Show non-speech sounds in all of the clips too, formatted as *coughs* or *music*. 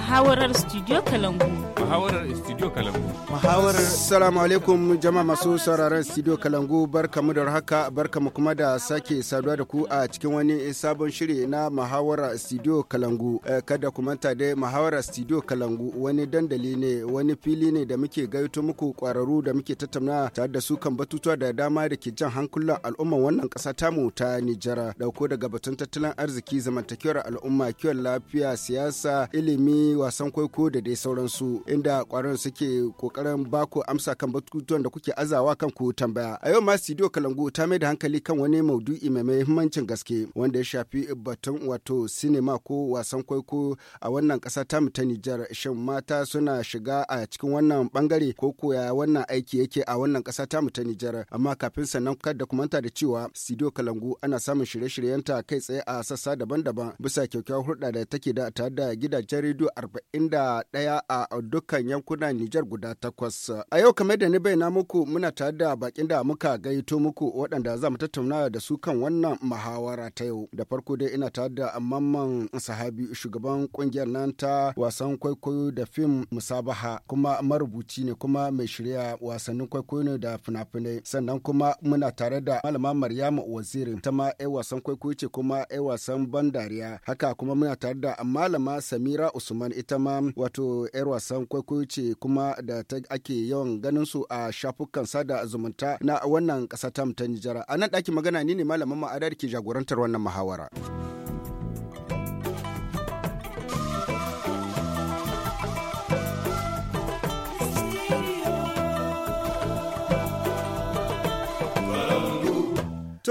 Muhawarar Studio Kalangu. Muhawarar Studio Kalangu. Muhawarar Salamu alaikum jama'a masu sauraron Studio Kalangu barkamu da haka barkamu kuma da sake saduwa da ku a cikin wani sabon shiri na Muhawarar Studio Kalangu. Eh, kada ku manta dai Muhawarar Studio Kalangu wani dandali ne wani fili ne da muke gaito muku kwararru da muke tattauna tare da su kan batutuwa da dama da ke jan hankulan al'umman wannan ƙasa tamu ta Nijara. Dauko daga batun tattalin arziki zamantakewar al'umma kiwon lafiya siyasa ilimi wasan kwaiko da dai sauransu inda kwaron suke kokarin baku amsa kan batutuwan da kuke azawa kan ku tambaya a yau ma studio kalangu ta mai da hankali kan wani maudu'i mai muhimmancin gaske wanda ya shafi batun wato sinima ko wasan kwaiko a wannan kasa ta ta Nijar shin mata suna shiga a cikin wannan bangare ko koya wannan aiki yake a wannan kasa ta ta Nijar amma kafin sannan kar da manta da cewa studio kalangu ana samun shirye-shiryenta kai tsaye a sassa daban-daban bisa kyakkyawar hulɗa da take da tare da gidajen rediyo 41 a dukkan yankunan Nijar guda takwas. A yau kamar da ni bai bayyana muku muna tare da bakin da muka gaito muku waɗanda za mu tattauna da su kan wannan muhawara ta yau. Da farko dai ina tare da mamman sahabi shugaban kungiyar nan ta wasan kwaikwayo da fim musabaha kuma marubuci ne kuma mai shirya wasannin kwaikwayo ne da fina-finai. Sannan kuma muna tare da malama Maryamu Waziri ta ma 'yan wasan kwaikwayo ce kuma 'yan wasan ban dariya. Haka kuma muna tare da malama Samira Usman Usman ita ma wato 'yar wasan kwaikwayo ce kuma da ta ake yawan ganin su a shafukan sada zumunta na wannan ƙasa ta Nijar. A nan ɗakin magana ni ne malamin ma'adar ke jagorantar wannan muhawara.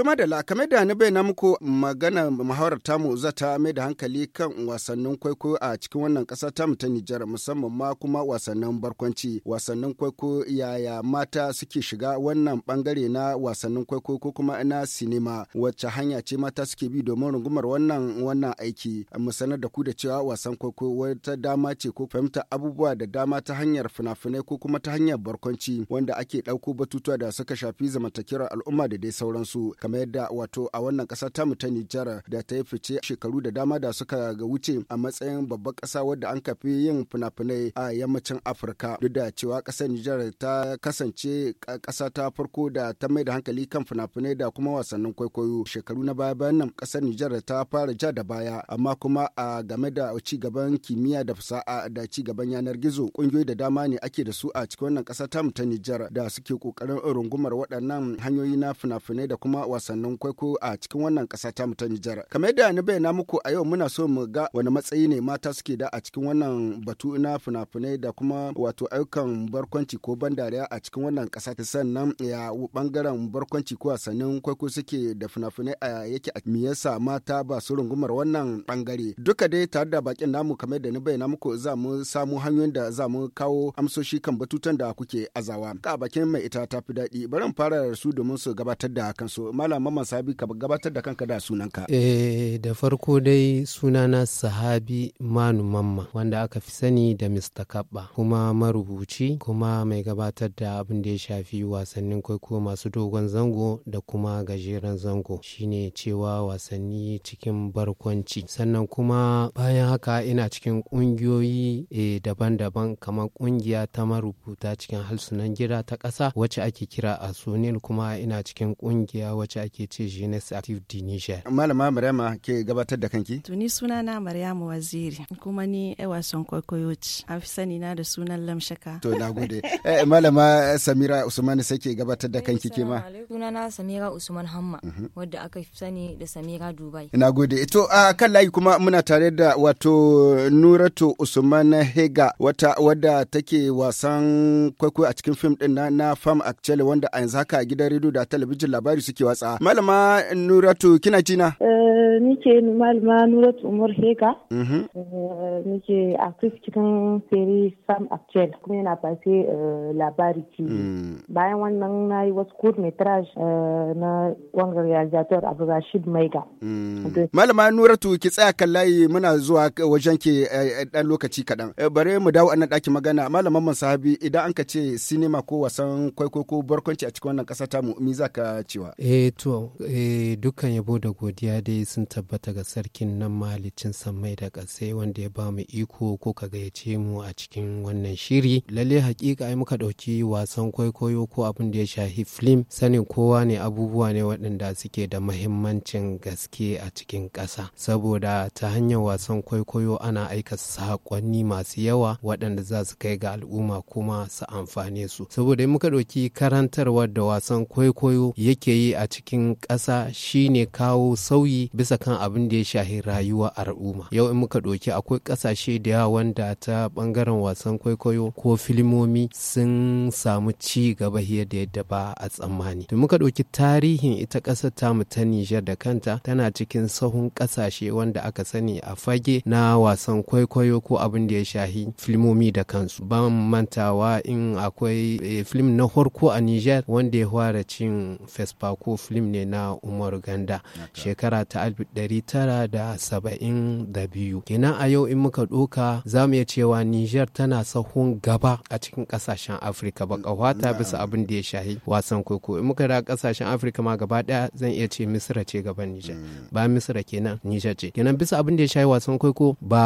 To madala kame da ni na muku magana muhawarar tamu za ta mai da hankali kan wasannin kwaikwayo a cikin wannan ƙasa mu ta Nijar musamman ma kuma wasannin barkwanci wasannin kwaikwayo yaya mata suke shiga wannan bangare na wasannin kwaikwayo ko kuma na sinima wacce hanya ce mata suke bi domin rungumar wannan wannan aiki mu da ku da cewa wasan kwaikwayo wata dama ce ko fahimta abubuwa da dama ta hanyar fina-finai ko kuma ta hanyar barkwanci wanda ake ɗauko batutuwa da suka shafi zamantakewar al'umma da dai sauransu. kamar yadda wato a wannan kasa ta mu ta Nijar da ta yi fice shekaru da dama da suka ga wuce a matsayin babbar kasa wadda an kafi yin fina-finai a yammacin Afirka duk da cewa kasar Nijar ta kasance kasa ta farko da ta mai da hankali kan fina-finai da kuma wasannin kwaikwayo shekaru na baya bayan nan kasar Nijar ta fara ja da baya amma kuma a game da ci gaban kimiyya da fasaha da ci gaban yanar gizo kungiyoyi da dama ne ake da su a cikin wannan kasa ta mu ta Nijar da suke kokarin rungumar waɗannan hanyoyi na fina-finai da kuma wasannin kwaikwayo a cikin wannan ƙasa ta mu ta Nijar. Kamar yadda ni bayyana muku a yau muna so mu ga wani matsayi ne mata suke da a cikin wannan batu na fina-finai da kuma wato ayyukan barkwanci ko ban dariya a cikin wannan ƙasa ta sannan ya bangaren barkwanci ko wasannin kwaiko suke da fina-finai a yake a me yasa mata ba su rungumar wannan bangare. Duka dai tare da bakin namu kamar yadda ni bayyana muku za mu samu hanyoyin da za mu kawo amsoshi kan batutan da kuke azawa. Ka bakin mai ita ta fi daɗi bari fara da su domin su gabatar da kansu malaman masabi ka gabatar da kanka da sunanka eh da farko dai sunana sahabi manu mamma wanda aka fi sani da mr kabba kuma marubuci kuma mai gabatar da abin da ya shafi wasannin kwaikwayo masu dogon zango da kuma gajeren zango shine cewa wasanni cikin barkwanci sannan kuma bayan haka ina cikin kungiyoyi e, eh, daban-daban kamar kungiya ta marubuta cikin halsunan gida ta ƙasa wacce ake kira a sunil kuma ina cikin kungiya wacce ake ce jeunesse active di niger malama maryama ke gabatar da kanki tuni suna na maryamu waziri kuma ni Ewa wasan kwaikwayo an fi sani na da sunan lamshaka to na gode eh, malama samira usman sai ke gabatar da kanki ke ma suna na samira usman hamma mhm. wadda aka fi sani da samira dubai na gode to a kan layi kuma muna tare da wato nuratu usman hega wata wadda take wasan kwaikwayo a cikin fim din na, na farm actually wanda a yanzu haka a gidan rediyo da talabijin labari suke watsa matasa. Malama Nuratu kina jina? Eh, Nike Malama Nuratu Umar Hega. Mhm. Eh, Nike actrice cikin seri Sam Actuel kuma yana fase eh, labari ci. Mm. Bayan wannan na yi wasu court metrage na wangar realizator Abu Rashid Maiga. Mm. Malama Nuratu ki tsaya kan layi muna zuwa wajen ke dan lokaci kaɗan. Bare mu dawo nan ɗaki magana malaman man sahabi idan an ka ce sinima ko wasan kwaikwayo ko barkwanci a cikin wannan ƙasa ta mi za ka cewa. Eh to, eh, dukkan yabo da godiya dai sun tabbata ga sarkin nan mahalicin sammai da ƙasai wanda ya ba mu iko ko ka gayyace mu a cikin wannan shiri. Lalle hakika ai muka ɗauki wasan kwaikwayo ko abin da ya shahi film sanin kowa ne abubuwa ne waɗanda suke da mahimmancin gaske a cikin ƙasa. Saboda ta hanyar wasan kwaikwayo ana aika saƙonni masu yawa waɗanda za su kai ga al'umma kuma su amfane su. Saboda muka ɗauki karantarwar da wasan kwaikwayo yake yi a cikin cikin ƙasa shine kawo sauyi bisa kan abin da ya shahi rayuwa a al'umma yau in muka ɗauki akwai ƙasashe da yawa wanda ta ɓangaren wasan kwaikwayo ko filimomi sun samu ci gaba da yadda ba a tsammani to muka ɗauki tarihin ita ƙasar ta mu ta Nijar da kanta tana cikin sahun ƙasashe wanda aka sani a fage na wasan kwaikwayo ko abin da ya shahi filimomi da kansu ban mantawa in akwai eh, film na farko a Nijar wanda ya fara cin Fespa ko film ne na umar ganda shekara ta 1972 kenan a yau in muka ɗoka za mu iya cewa niger tana sahun gaba a cikin ƙasashen afirka ba kawata bisa abin da ya shahi wasan koko in muka da ƙasashen afirka ma gaba ɗaya zan iya ce misira ce gaban niger hmm. ba misira kenan niger ce kenan bisa abin da ya shahi wasan koko ba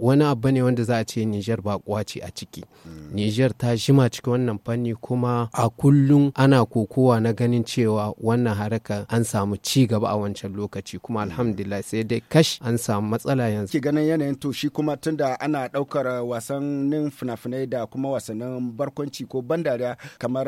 wani abu ne wanda za a ce niger ba kwaci a ciki hmm. niger ta shima cikin wannan fanni kuma a kullum ana kokowa na ganin cewa wannan wannan haraka an samu ci gaba a wancan lokaci kuma alhamdulillah sai dai kash an samu matsala yanzu ke ganin yanayin to shi kuma tunda ana daukar wasannin fina-finai da kuma wasannin barkwanci ko bandariya kamar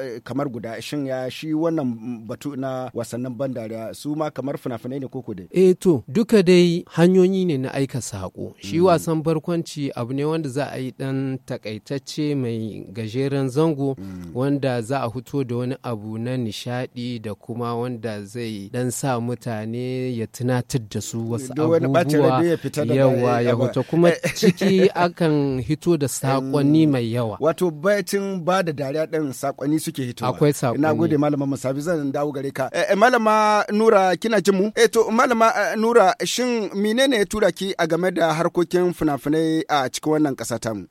eh, kamar guda shin ya shi wannan batu na wasannin bandariya su ma kamar fina-finai ne koko dai eh to duka dai hanyoyi ne na aika sako shi hmm. wasan barkwanci abu ne wanda za a yi dan takaitacce mai gajeren zango hmm. wanda za a fito da wani abu na nishadi da kuma wanda zai dan sa mutane ya tunatar da su wasu abubuwa yawa ya hoto kuma *laughs* ciki akan hito da sakonni mai yawa wato bayacin ba da dariya din sakonni suke hito akwai sakonni na gode malama musabi zan dawo gare ka eh, eh, malama nura kina jin mu eh to malama eh, nura shin menene ya tura ki a game da harkokin fina-finai a cikin wannan kasa mu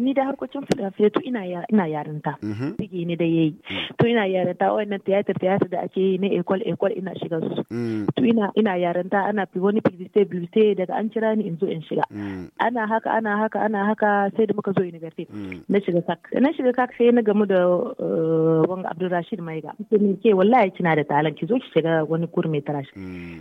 ni da harkokin fina-finai to ina yarinta. dige mhm. ne da yayi. Mm. To ina yarinta wannan tiyatar tiyatar tare da ake yi na ekol ekol ina shiga su mm. to ina ina ta ana fi wani publicity publicity daga an kira ni in zo in shiga mm. ana haka ana haka ana haka sai da muka zo university mm. na shiga kak na shiga kak sai na gamu da eh, wanga Abdulrashid Maiga sai ni ke wallahi kina da talan ki zo ki shiga wani kurmetraj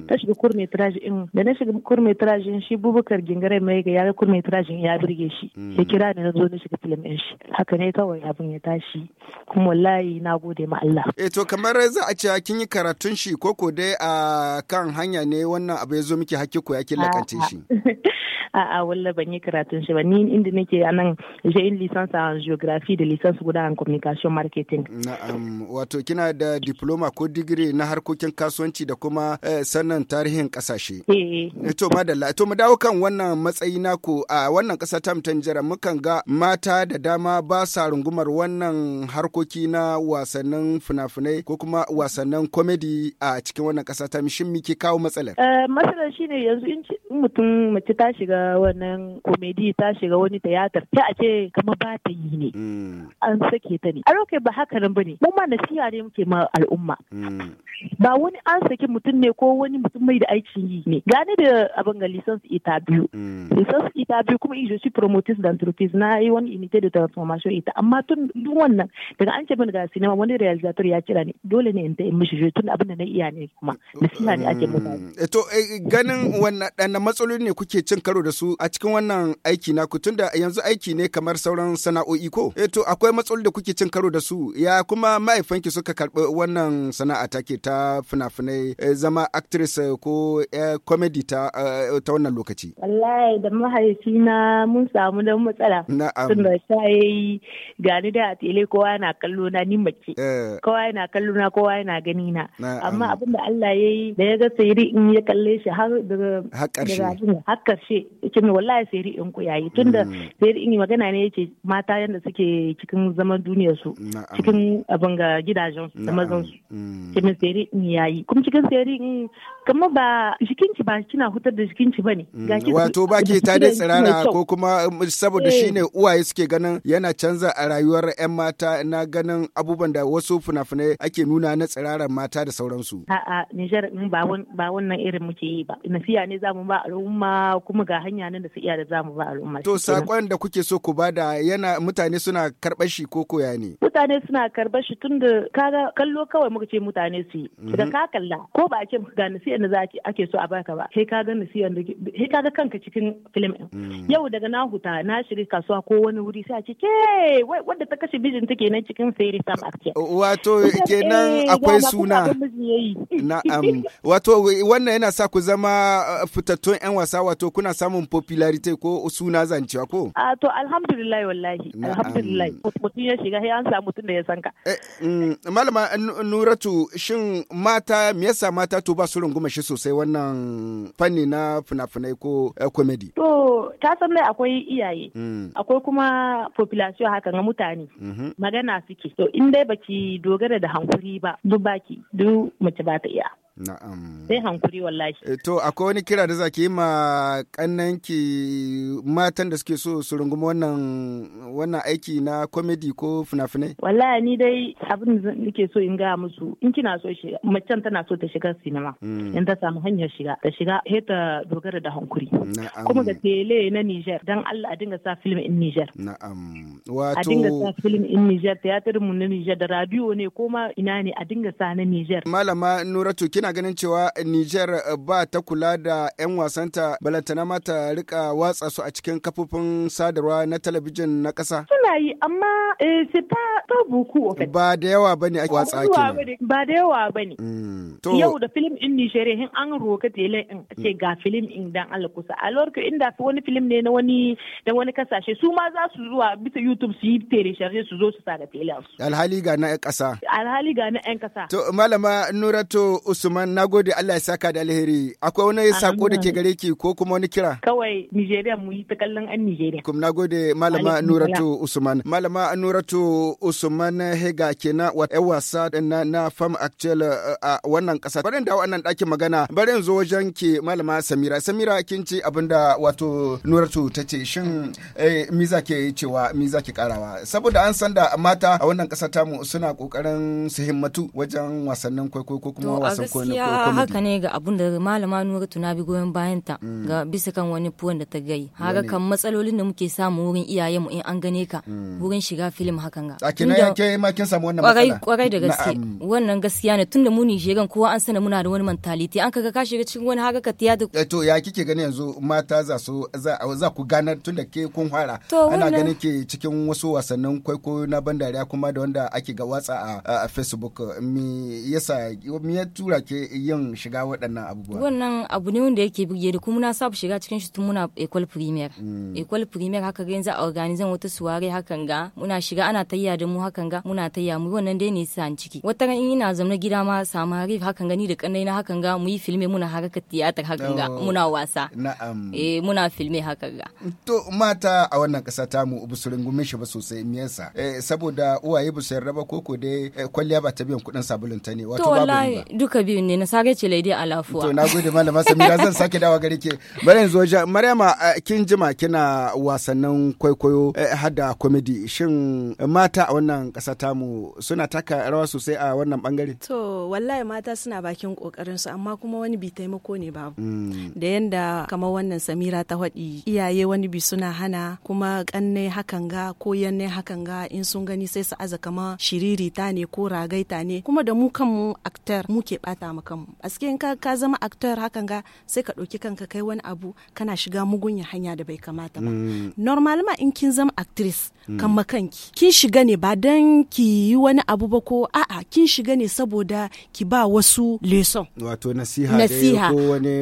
ta shiga kurmetraj in da na shiga kurmetraj in shi Bubakar Gingare Maiga ya ga kurmetraj ya burge shi ya kira ni na zo na shiga film din shi haka ne kawai abin ya tashi kuma wallahi na gode ma Allah eh to kamar za a a cewa kin yi karatun shi ko ko dai a kan hanya ne wannan abu ya zo miki hakki ko ya kin lakance shi. *laughs* A'a walla ban yi karatun shi ba ni inda nake a nan J'ai une licence en géographie de licence guda en communication marketing. Na'am, wato kina da diploma ko digiri na harkokin kasuwanci da kuma eh, sannan tarihin kasashe. Eh, eh. eh. To madalla, to mu dawo kan wannan matsayi na naku a wannan kasa ta mutanjara mukan ga mata da dama ba sa rungumar wannan harkoki na wasannin fina-finai ko kuma wasannin komedi a cikin wannan kasa ta mishin miki kawo matsalar. Matsalar shine yanzu in mutum mace ta shiga wannan komedi ta shiga wani tiyatar ta a kuma kama ba ta yi ne mm. an sake ta ne a rokai ba haka nan ne. mun ma nasiha ne muke ma al'umma mm. ba wani an saki mutum ne ko wani mutum mai da aikin yi ne gane da abin ga lisans ita biyu mm. lisans ita biyu kuma ijo shi promotis da antropis na yi wani unité de transformation ita amma tun duk wannan daga an ce min ga sinima wani realizator ya kira ne dole ne in ta in mishi tun abin da na iya ne kuma nasiha ne ake mutane eh to eh, ganin wannan matsaloli ne kuke cin karo da su a cikin wannan aiki na ku tunda yanzu aiki ne kamar kamar sauran sana'o'i ko? E to akwai matsaloli da kuke cin karo da su ya kuma ma'aifanki suka karɓi wannan sana'a take ta fina-finai eh, zama actress eh, ko comedy ta ta wannan lokaci. Wallahi da mahaifina mun samu dan matsala. Na'am. Tunda sai gani da a tele kowa yana kallo na ni mace. Kowa yana kallo na kowa yana gani na. Amma abin da Allah ya yi da ya ga sayiri in ya kalle shi har daga har ƙarshe. Har ƙarshe. Kin wallahi sayiri in ku yayi tunda hmm. sayiri in magana mutane yake mata yadda suke cikin zaman duniyarsu su cikin abin ga gidajen su da mazan su cikin mm. seri in yayi kuma cikin seri in kamar ba jikinki ba kina hutar da jikinki ba ne mm. wato ba ke ta dai tsirara ko kuma um, saboda eh. shine uwaye suke ganin yana canza a rayuwar yan mata na ganin abubuwan da wasu fina-finai ake nuna na tsiraran mata da sauransu a'a Nijar ba wannan irin muke yi ba nasiya ne zamu ba al'umma kuma ga hanya nan da su iya da zamu ba al'umma to sakon da kuke so ku ba bada yana mutane suna karɓar shi ko koya ne? Mutane suna karɓar shi tun da kaga kallo kawai muka ce mutane su yi. Mhm. Idan ka kalla ko ba a ce ga nasiyar da za a ake so a baka ba. Sai kaga nasiyar da sai kaga kanka cikin film ɗin. Mhm. Yau daga na huta na shirya kasuwa ko wani wuri sai a ce ke wadda ta kashe mijin take nan cikin fairy sam action. Wato kenan eh, akwai suna. *laughs* Na'am. Wato wannan yana sa ku zama uh, fitattun 'yan wasa wato kuna samun popularity ko suna zancewa ko? A to alhamdulillah alhamdulillah wallahi alhamdulillah mutum ya shiga an samu mutum da ya san ka eh, mm, malama nuratu shin mata me yasa mata to ba su runguma shi sosai wannan fanni na fina-finai ko eh, comedy to ta san mai akwai iyaye mm. akwai kuma population haka na mutane mm-hmm. magana suke to in dai baki dogara da hankuri ba duk baki duk mace ba ta iya Na'am. Sai hankuri wallahi. Eh, to akwai wani kira da zaki yi ma kannanki matan da suke so su rungumi wannan wannan aiki na comedy ko fina-finai? Wallahi ni dai abin da nake so in gaya musu in kina so shiga macen tana so ta shiga sinima. Hmm. In ta samu hanyar shiga ta shiga he ta dogara da hankuri. Na'am. Kuma da tele na Niger dan Allah a dinga sa film in Niger. Na'am. Wato a dinga sa film in Niger theater mu na Niger da radio ne ko ma ina ne a dinga sa na Niger. Malama Nuratu kina ganin cewa Niger eh, ba ta kula da 'yan wasanta balantana mata rika watsa su a cikin kafofin sadarwa na talabijin na ƙasa? Suna yi amma eh, su ta pas beaucoup Ba da yawa ne ake watsa ke. Ba da yawa ne. Mm. Yau da film in Nigeria yin an roka tele in ce ga film in dan Allah kusa. Alors que inda wani film ne na wani da wani kasashe su ma za su zuwa bisa YouTube su yi telecharge su zo su sa da tele. Alhali ga na 'yan ƙasa. Alhali ga na 'yan ƙasa. To malama Nurato Usman Usman na gode Allah ya saka da alheri. Akwai wani sako da ke gare ki ko kuma wani kira? Kawai Nigeria mu yi ta kallon an Nigeria. Kuma na gode Malama Nuratu Usman. Malama Nuratu Usman Hega kenan wa ɗan wasa na, na Farm Actual a wannan ƙasa. Bari dawo wannan ɗakin magana. Bari zo wajen ke Malama Samira. Samira kin ce abinda wato Nuratu ta ce shin eh, miza ke cewa miza ke karawa. Saboda an san da mata a wannan ƙasa tamu suna ƙoƙarin su himmatu wajen wasannin kwaikwayo ko kuma wasan koyo. gaskiya haka ne ga abun da malama nura tuna bi goyon bayan ta mm. ga bisa kan wani puwan da ta gai haka kan matsalolin da muke samu wurin iyaye mu in an gane ka mm. wurin shiga film hakan ga a kina yake ma kin samu wannan matsala kwarai da gaske wannan gaskiya ne tunda muni shegan kowa an sana muna da wani mentality an kaga ka shiga cikin wani haka ka tiya da eh, to ya kike gani yanzu mata za su za ku ganar tunda ke kun fara ana ganin ke cikin wasu wasannin kwaikwayo na bandariya kuma da wanda ake ga watsa a Facebook me yasa me ya tura ke ke yin shiga waɗannan abubuwa wannan abu ne wanda yake burge da kuma na saba shiga cikin shi tun muna ekwal primaire mm. Ekwal primaire haka ga yanzu a organizan wata suware hakan ga muna shiga ana tayya da mu hakan ga muna tayya mu wannan dai ne sa ciki wata ran ina zamna gida ma samari hakan ga ni da kanai na hakan ga mu yi filme muna harkar tiyatar hakan ga oh, muna wasa na'am eh muna filme hakan ga to mata a wannan ƙasa ta mu bu su rungumin shi ba sosai me yasa eh, saboda uwaye ba su yarda ba koko dai eh, kwalliya ba ta biyan kuɗin sabulun ta ne wato babu duka biyu din ne na sare ce lady alafuwa to na gode malama samira zan sake dawa gare ke. bari yanzu wajen maryama kin jima kina wasannin kwaikwayo eh, har da comedy shin mata a wannan kasa tamu suna taka rawa sosai a wannan bangare to wallahi mata suna bakin kokarin su amma kuma wani bi taimako ne babu mm. da yanda kamar wannan samira ta haɗi iyaye wani bi suna hana kuma kanne hakan ga ko yanne hakan ga in sun gani sai su aza kama shiririta ne ko ragaita ne kuma da mu kanmu aktar muke bata ma kanmu a in ka zama actor hakan ga sai ka ɗauki kanka kai wani abu kana shiga mugunya hanya da bai kamata ba mm. normal ma in kin zama actress Mm. kama makanki kin shiga ne ba dan ki yi wani abu ba ko a'a kin shiga ne saboda ki ba wasu leson wato nasiha nasiha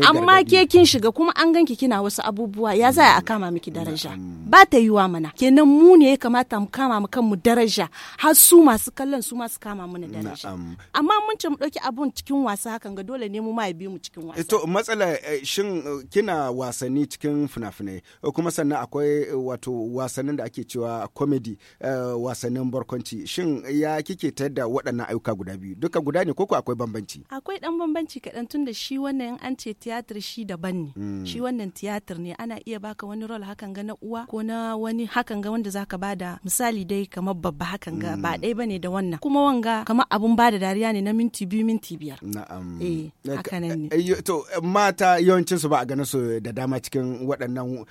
amma ke kin shiga kuma an ganki kina wasu abubuwa ya za a kama miki mm. daraja ba ta yiwa mana kenan mu ne ya kamata mu kama mu kanmu daraja har su masu kallon su masu kama mana daraja amma mun ce mu dauki abun cikin wasa hakan ga dole ne mu ma ya bi mu cikin wasa eh to matsala eh, shin eh, kina wasanni cikin fina-finai kuma sannan akwai wato wasannin da ake cewa comedy eh, wasannin barkwanci shin ya kike ta da waɗannan ayyuka guda biyu duka guda ne koko akwai bambanci akwai dan bambanci kaɗan tun da shi wannan an ce tiyatar shi daban ne hmm. shi wannan tiyatar ne ana iya baka wani role hakan ga na uwa ko na wani hakan ga wanda zaka bada misali dai kamar babba hakan ga hmm. ba ɗaya bane da wannan kuma wanga kamar abun bada dariya ne na minti biyu minti biyar na'am eh haka ne eh, to eh, mata yawancin su ba a ganin su da dama cikin waɗannan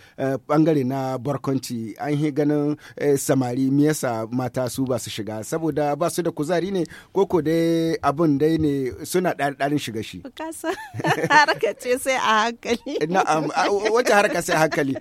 bangare na barkwanci an yi ganin samari me yasa mata su ba su shiga saboda ba su da kuzari ne ko ko dai abun dai ne suna ɗarin shiga shi haraka *laughs* harka ce sai a hankali na'am wata harka sai a hankali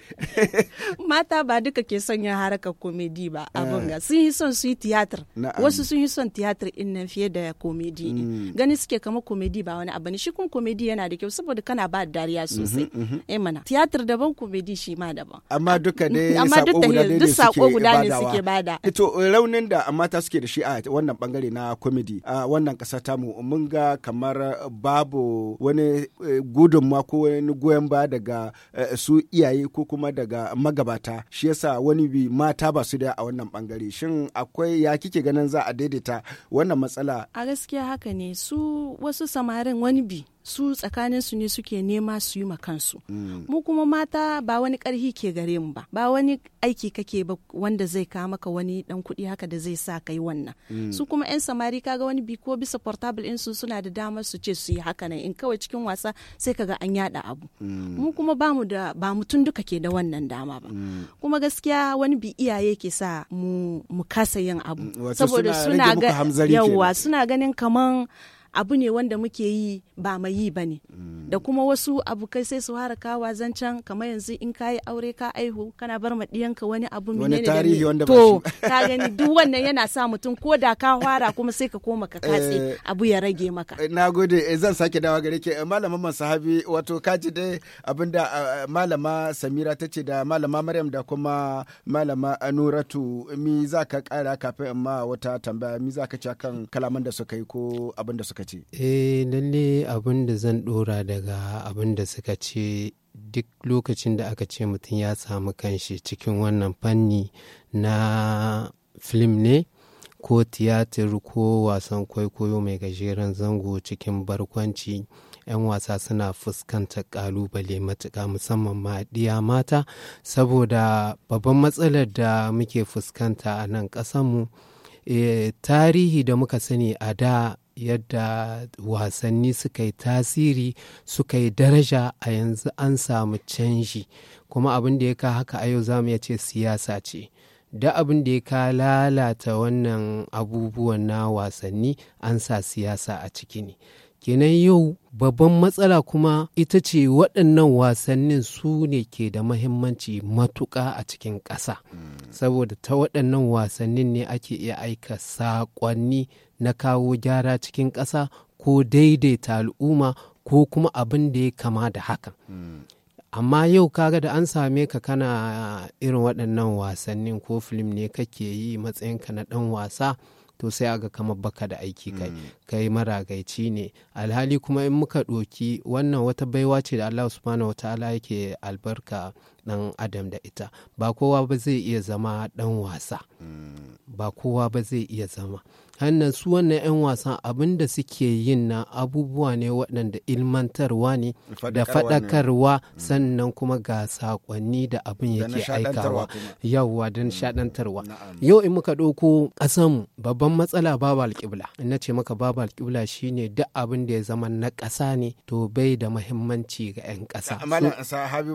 *laughs* mata ba duka ke son yin harkar komedi ba eh. abun ga sun yi son su yi tiyatar wasu sun yi son tiyatar in nan fiye da komedi ne mm. gani suke kama komedi ba wani abu ne shi kun komedi yana da kyau saboda kana ba dariya mm-hmm, sosai mm-hmm. eh mana tiyatar daban komedi shi ma daban amma duka dai amma guda ne suke badawa suke bada eh, to raunin da mata suke da shi a wannan bangare na komedi a wannan kasa tamu mun ga kamar babu wani eh, gudunma ko wani goyon ba daga eh, su iyaye ko kuma daga magabata shi yasa wani bi mata ba su da a wannan bangare shin akwai ya kike ganin za a daidaita wannan matsala a gaskiya haka ne su wasu samarin wani bi su tsakanin su ne suke nema su yi kansu mm. mu kuma mata ba wani karhi ke gare mu ba ba wani aiki kake ba wanda zai ka wani dan kuɗi haka da zai sa kai wannan mm. su kuma yan samari kaga wani bi ko bisa portable in su suna da damar su ce su yi haka nan in kawai cikin wasa sai kaga an yada abu mm. mu kuma ba mu da ba mutun duka ke da wannan dama ba kuma gaskiya wani bi iyaye ke sa mu mu kasa yin abu saboda suna ga yawa suna ganin kaman abu ne wanda muke yi ba mai yi ba ne da kuma wasu abu kai sai su fara kawa zancen kamar yanzu in ka yi aure ka aihu kana bar ma wani abu wani tarihi wanda to ka gani duk wannan yana sa mutum ko da ka fara kuma sai ka koma ka katse eh, abu ya rage maka eh, na gode eh, zan sake dawa gare ke malamin masahabi wato kaji dai abinda malama samira ta ce da malama maryam da kuma malama nuratu mi za ka kara kafin ma wata tambaya mi za ka ci kan kalaman da suka yi ko abin da suka suka ce eh lalle abin da zan dora daga abin da suka ce duk lokacin da aka ce mutum ya samu kanshi cikin wannan fanni na film ne ko tiyatir ko wasan kwaikwayo mai gajeren zango cikin barkwanci 'yan wasa suna fuskantar kalubale matuka musamman ma ɗiya mata saboda babban matsalar da muke fuskanta a nan ƙasanmu eh, tarihi da muka sani a da yadda wasanni suka yi tasiri suka yi daraja a yanzu an samu canji kuma abin da ya ka haka a yau zamu mu iya ce siyasa ce da abin da ya ka lalata wannan abubuwan na wasanni an sa siyasa a ciki ne kenan yau babban matsala kuma ita ce waɗannan wasannin su ne ke da mahimmanci matuƙa a cikin ƙasa hmm. saboda ta waɗannan wasannin ne ake iya aika saƙonni na kawo gyara cikin ƙasa ko daidaita al'umma ko kuma abin da ya kama da hakan hmm. amma yau kaga da an same ka kana irin waɗannan wasannin ko fim ne kake yi matsayinka na ɗan wasa. to sai aga kamar baka da aiki kai hmm. kai maragaici ne alhali kuma in muka ɗoki wannan wata baiwa ce da Allah subhanahu wataala yake albarka dan adam da ita ba kowa ba zai iya zama dan wasa hmm. ba kowa ba zai iya zama hannan su wannan 'yan wasan abin da suke yin na abubuwa ne waɗanda ilmantarwa ne da faɗakarwa mm. sannan kuma ga saƙonni da abin yake aikawa yawwa don mm. shaɗantarwa yau in muka ɗauko ƙasanmu babban matsala babu alƙibla in na ce maka babu alƙibla shine duk abin da ya zama na ƙasa ne to bai da mahimmanci ga 'yan ƙasa.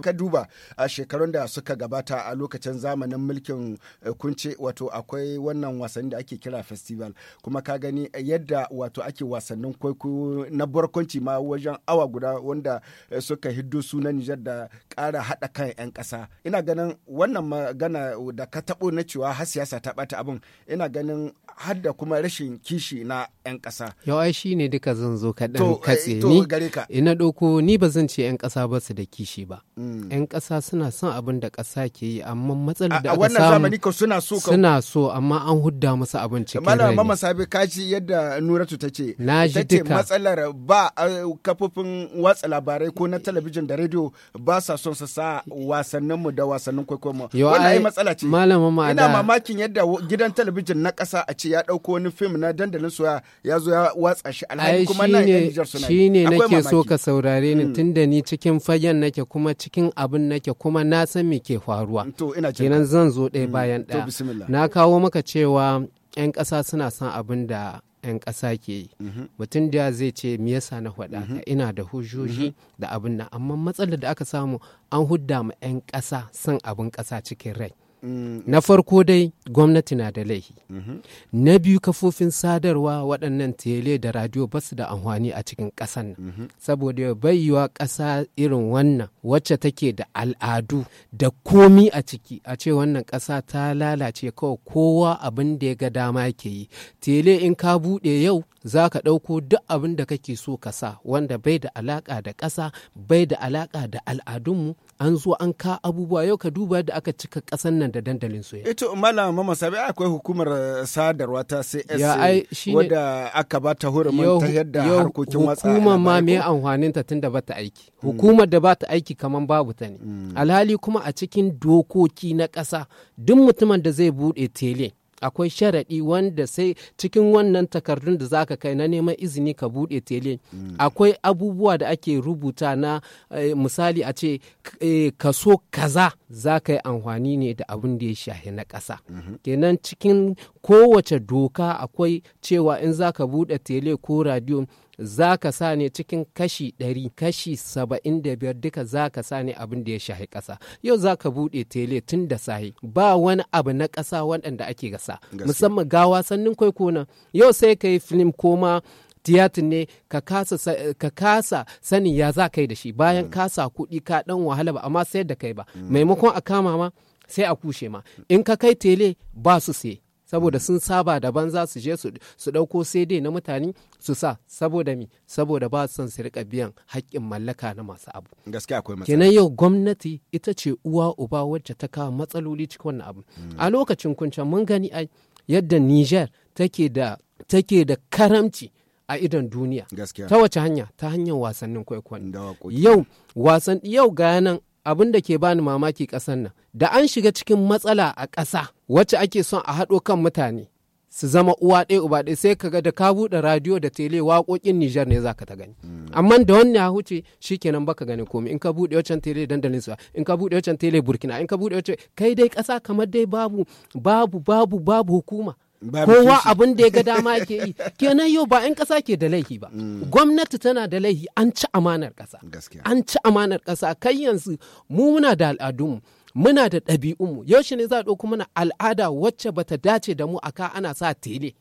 ka duba a shekarun da suka gabata a lokacin zamanin mulkin eh, kunce wato akwai wannan wasanni da ake kira festival kuma ka gani yadda wato ake wasannin kwaikwayo na barkwanci ma wajen awa guda wanda eh, suka hiddo su na Nijar da ƙara haɗa kan 'yan ƙasa ina ganin wannan magana da ka taɓo na cewa har siyasa ta ɓata abin ina ganin har da kuma rashin kishi na 'yan ƙasa yawai shi ne duka zan zo kaɗan eh, katse ni ina doko ni ba zan ce 'yan ƙasa ba su da kishi ba 'yan mm. ƙasa suna son abin da ƙasa ke yi amma matsalar da aka samu suna so amma an hudda masa abin cikin rai sabe kaji yadda nuratu ta ce ta ce matsalar ba eh, kafofin watsa labarai ko na talabijin da rediyo ba sa son su sa wasannin mu da wasannin kwaikwayon mu wannan ai matsala ce malama ina mamakin yadda gidan talabijin na kasa a ce ya dauko wani fim na dandalin soya ya zo ya watsa shi alhali kuma nan ne Nijar suna yi shine nake so ka saurare ni hmm. tunda ni cikin fagen nake kuma cikin abin nake kuma na san me ke faruwa to ina kenan zan zo ɗaya hmm. bayan ɗaya na kawo maka cewa 'yan ƙasa suna son abin da 'yan ƙasa ke yi mhm. mutum da zai ce me yasa na faɗa ka mhm. ina da hujjoji mhm. da abin nan amma matsalar da aka samu an hudda ma 'yan ƙasa son abin ƙasa cikin rai Mm. na farko dai gwamnati na da laihi mhm. na biyu kafofin sadarwa waɗannan tele da radio ba su da amfani a cikin ƙasan nan mhm. saboda baiwa ƙasa irin wannan wacce take da al'adu da komi a ciki a ce wannan ƙasa ta lalace kawai kowa abin da ya ga dama ke yi tele in ka buɗe yau za ka ɗauko duk abin da kake so ka sa wanda bai da alaƙa da ƙasa bai da alaƙa da al'adunmu an zo an ka abubuwa yau ka duba da aka cika ƙasan nan da dandalin su ito malam mama sabi akwai hukumar eh, sadarwa ta CSC wadda aka ba ta hurumin ta yadda harkokin watsa hukumar ma me amfanin ta tunda ba ta aiki mm. hukumar da ba ta aiki kaman babu ta ne mm. alhali kuma a cikin dokoki na ƙasa duk mutumin da zai bude tele akwai sharaɗi wanda sai cikin wannan takardun da zaka kai na neman izini ka buɗe tele mm. akwai abubuwa da ake rubuta na eh, misali a ce eh, kaso kaza za ka yi amfani ne da abin da ya shahi na ƙasa mm-hmm. kenan cikin kowace doka akwai cewa in za ka buɗe tele ko radiyo za ka sa ne cikin kashi ɗari kashi saba'in da biyar duka za ka sa ne abin da ya shahi ƙasa yau za ka buɗe tele tun da sahi ba wani abu na ƙasa waɗanda ake gasa musamman ga wasannin kwaiko nan yau sai ka yi film ma tiyatin ne ka kasa sanin ya za ka yi da shi bayan mm. kasa kuɗi ka ɗan wahala ba amma sai da kai ba mm. maimakon a kama ma sai a kushe ma in ka kai tele ba su sai saboda sun saba daban za su je su ɗauko sai dai na mutane su sa saboda mi saboda ba su son su rika biyan haƙƙin mallaka na masu abu gaskiya akwai matsala kenan yau gwamnati ita ce uwa uba wacce ta kawo matsaloli cikin wannan abu hmm. a lokacin kuncan mun gani ai yadda Niger take da take da karamci a idon duniya ta wace hanya ta hanyar wasannin kwaikwayo yau wasan yau ga nan abin da ke bani mamaki ƙasar nan da an shiga cikin matsala a ƙasa wacce ake son a haɗo kan mutane su zama uwa ɗaya uba ɗaya sai ga da ka buɗe radio da tele waƙoƙin Nijar ne zaka ta gani hmm. amma da wannan ya huce shikenan baka gani komai in ka buɗe wancan tele dandalin su in ka buɗe wancan tele Burkina in ka buɗe wancan kai dai ƙasa kamar dai babu babu babu babu hukuma kowa abin da ya ga dama *laughs* yake yi kenan yau ba 'yan ƙasa ke da laifi ba mm. gwamnati tana da laifi an ci amanar kasa an ci amanar kasa kai yanzu mu muna da al'adunmu muna da ɗabi'unmu yaushe ne za a ɗauko mana al'ada wacce bata dace da mu aka ana sa tele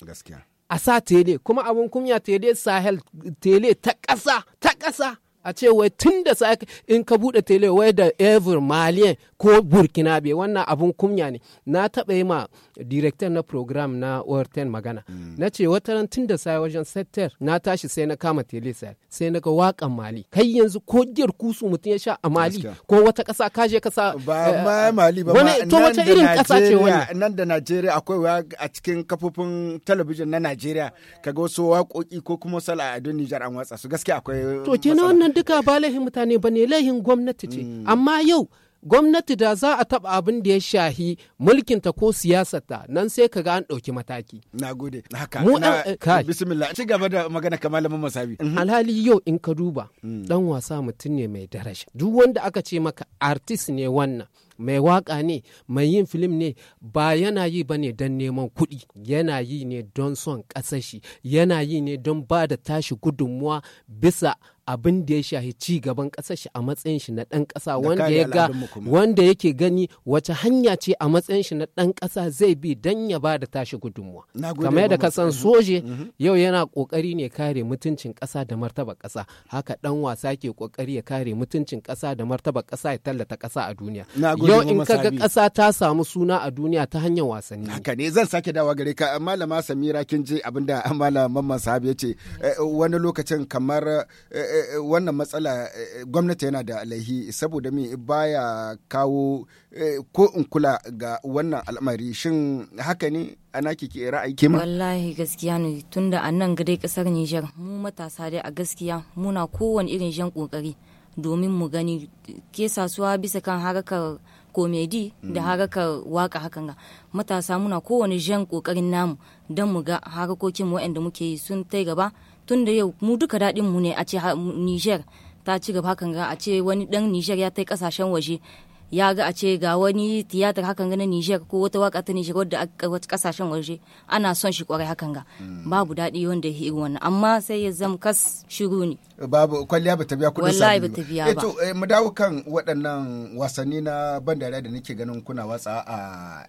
a sa tele kuma abin kunya tele sahel tele ta ƙasa ta ƙasa a ce wai tun da sa in ka buɗe tele wai da ever malian ko Burkina bai wannan abun kumya ne na taɓa yi ma director na program na orten magana mm. na ce wata ran tun da sai wajen sector na tashi sai na kama tele sai na ga waƙan mali kai yanzu ko jiyar kusu mutum ya sha a mali ko wata ƙasa ka je ƙasa ba eh, ma mali ba wani to wata irin ƙasa ce wani nan da najeriya akwai a cikin kafofin talabijin na najeriya kaga wasu waƙoƙi ko kuma sala a don nijar an watsa su gaskiya akwai to kenan wannan duka ba laihin mutane ba ne laihin gwamnati ce mm. amma yau gwamnati da za a taba abin da ya shahi mulkinta ko siyasarta nan sai ka ga an ɗauki mataki. Na gode. Haka. Mu ɗan eh, kai. Bismillah. Ci gaba da magana kamar malamin masabi. Mm-hmm. Alhali yau in ka duba mm. ɗan wasa mutum ne mai daraja. Duk wanda aka ce maka artist ne wannan. mai waka ne mai yin filim ne ba yana yi ba ne don neman kuɗi yana yi ne don son ƙasashi yana yi ne don ba da tashi gudunmuwa bisa abin da ya shahi ci gaban ƙasar shi a matsayin shi na ɗan ƙasa wanda ya ga wanda yake gani wace hanya ce a matsayin shi na ɗan ƙasa zai bi dan ya ba da tashi gudunmuwa kamar yadda ka san mhm. soje mhm. yau yana ƙoƙari ne kare mutuncin ƙasa da martaba ƙasa haka ɗan wasa ke ƙoƙari ya kare mutuncin ƙasa da martaba ƙasa ya tallata ƙasa a duniya yau in ka ga ƙasa ta samu suna a duniya ta hanyar wasanni haka ne zan sake dawa gare ka malama samira kin je abinda malama mamman sahabi ya ce eh, wani lokacin kamar eh, Eh, eh, wannan matsala eh, gwamnati yana da alaihi saboda me baya kawo ko in kula ga wannan al'amari shin haka ne ana ke ra'ayi kima wallahi gaskiya ne tunda a nan gare kasar Nijar mu matasa dai a gaskiya muna kowane irin jan kokari domin mu gani ke sasuwa bisa kan harakar komedi da mm. harakar waka hakan ga matasa muna kowane jan kokarin namu don mu ga harakokin waɗanda muke yi sun tai gaba tun da yau mu duka daɗin mu ne a ce Niger ta ci gaba kan ga a ce wani ɗan Niger ya tai ƙasashen waje ya ga a ce ga wani tiyatar hakan ga na Niger ko wata waka ta Niger wadda wata kasashen waje ana son shi kwarai hakan ga mm. babu daɗi wanda ya irin wannan amma sai ya zama kas shiru ne babu kwalliya ba ta biya kuɗin wallahi ba ta biya ba eto eh eh, mu dawo kan waɗannan wasanni na bandare da nake ganin kuna watsa a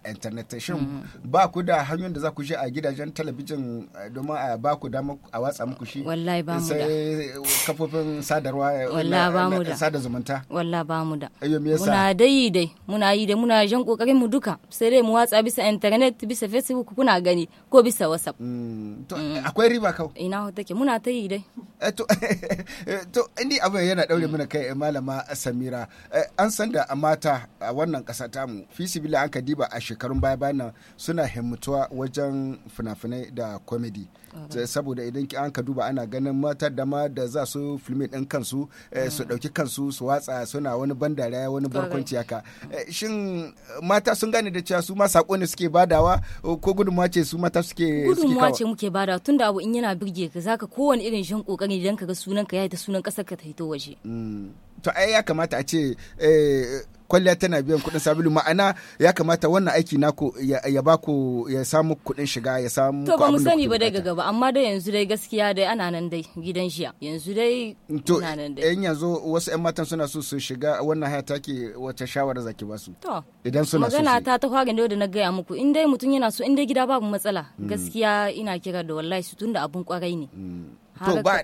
internet shin mm. ba ku da hanyoyin da za ku je a gidajen talabijin eh, domin a ba ku dama a watsa muku shi wallahi ba mu da sai kafofin sadarwa wallahi ba mu da sada zumunta wallahi ba mu da muna dai yi dai muna yi dai muna jan kokarin mu duka sai dai mu watsa bisa internet bisa facebook kuna gani ko bisa whatsapp mm. to mm. akwai riba kau ina take muna ta yi dai eh, to *laughs* to ni abin yana daure mana kai eh, malama samira eh, an san da mata a wannan kasa tamu fisibila an ka diba a shekarun baya bayan suna himmatuwa wajen fina-finai da comedy Eh, saboda idan an ka duba ana ganin mata da ma da za su filme din kansu eh, su dauki mm. kansu su watsa suna wani bandara wani barkwanci haka eh, shin mata sun gane da cewa su ma sako ne suke badawa ko gudunmawa ce su mata suke gudunmawa ce muke badawa tunda abu in yana birge ka zaka kowane irin shan kokari idan ka ga sunan ka yayi ta sunan kasar ka ta hito waje mm. to ai ya kamata a ce kwalliya tana biyan kuɗin sabulu ma'ana ya kamata wannan aiki ku ya ba ku ya samu kuɗin shiga ya samu to ba mu sani ba dai ga gaba amma dai yanzu dai gaskiya dai ana nan dai gidan shiya yanzu dai to yan yanzu wasu yan matan suna so su shiga wannan haya take wata shawara zaki ba su to idan suna so magana ta ta ne da na gaya muku in dai mutum yana so in dai gida babu matsala mm. gaskiya ina kira da wallahi su tunda abun kwarai ne mm. to ba